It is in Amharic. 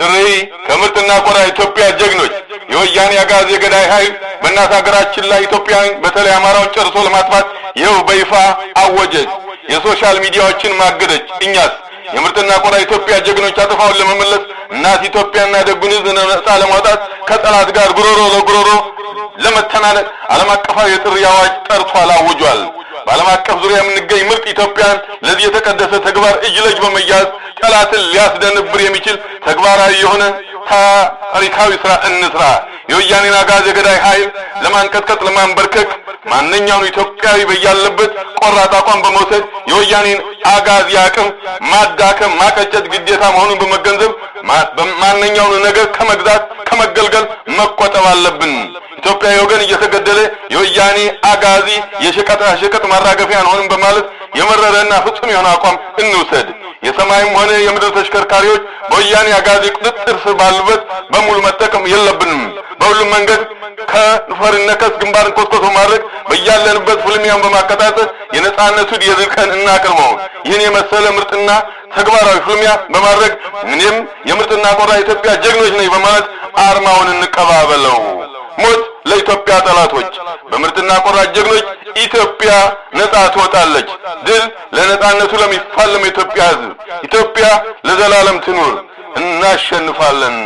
ጥሪ ከምርጥና ቆራ ኢትዮጵያ ጀግኖች የወያኔ አጋዜ ገዳይ ኃይል በእናት ሀገራችን ላይ ኢትዮጵያን በተለይ አማራውን ጨርሶ ለማጥፋት ይኸው በይፋ አወጀች። የሶሻል ሚዲያዎችን ማገደች። እኛስ የምርጥና ቆራ ኢትዮጵያ ጀግኖች አጥፋውን ለመመለስ እናት ኢትዮጵያና ደጉን ሕዝብ ነጻ ለማውጣት ከጠላት ጋር ጉሮሮ ለጉሮሮ ለመተናነቅ ዓለም አቀፋዊ የጥሪ አዋጅ ጠርቷል፣ አውጇል። በዓለም አቀፍ ዙሪያ የምንገኝ ምርጥ ኢትዮጵያን ለዚህ የተቀደሰ ተግባር እጅ ለእጅ በመያዝ ጠላትን ሊያስደንብር የሚችል ተግባራዊ የሆነ ታሪካዊ ስራ እንስራ። የወያኔን አጋዝ የገዳይ ኃይል ለማንቀጥቀጥ፣ ለማንበርከክ ማንኛውም ኢትዮጵያዊ በያለበት ቆራጥ አቋም በመውሰድ የወያኔን አጋዝ የአቅም ማዳከም፣ ማቀጨት ግዴታ መሆኑን በመገንዘብ ማንኛውን ነገር ከመግዛት ከመገልገል መቆጠብ አለብን። ኢትዮጵያዊ ወገን እየተገደለ የወያኔ አጋዚ የሸቀጣ ሸቀጥ ማራገፊያ አንሆንም በማለት የመረረና ፍጹም የሆነ አቋም እንውሰድ። የሰማይም ሆነ የምድር ተሽከርካሪዎች በወያኔ አጋዚ ቁጥጥር ስር ባሉበት በሙሉ መጠቀም የለብንም። በሁሉም መንገድ ከንፈር ነከስ ግንባርን ኮስኮስ በማድረግ በያለንበት ፍልሚያን በማቀጣጠል የነጻነቱ የድል ቀን እናቅርበው። ይህን የመሰለ ምርጥና ተግባራዊ ፍልሚያ በማድረግ እኔም የምርጥና ቆራ ኢትዮጵያ ጀግኖች ነኝ በማለት አርማውን እንቀባበለው። ሞት ለኢትዮጵያ ጠላቶች፣ በምርጥና ቆራጥ ጀግኖች ኢትዮጵያ ነጻ ትወጣለች። ድል ለነጻነቱ ለሚፋለም የኢትዮጵያ ሕዝብ። ኢትዮጵያ ለዘላለም ትኑር። እናሸንፋለን።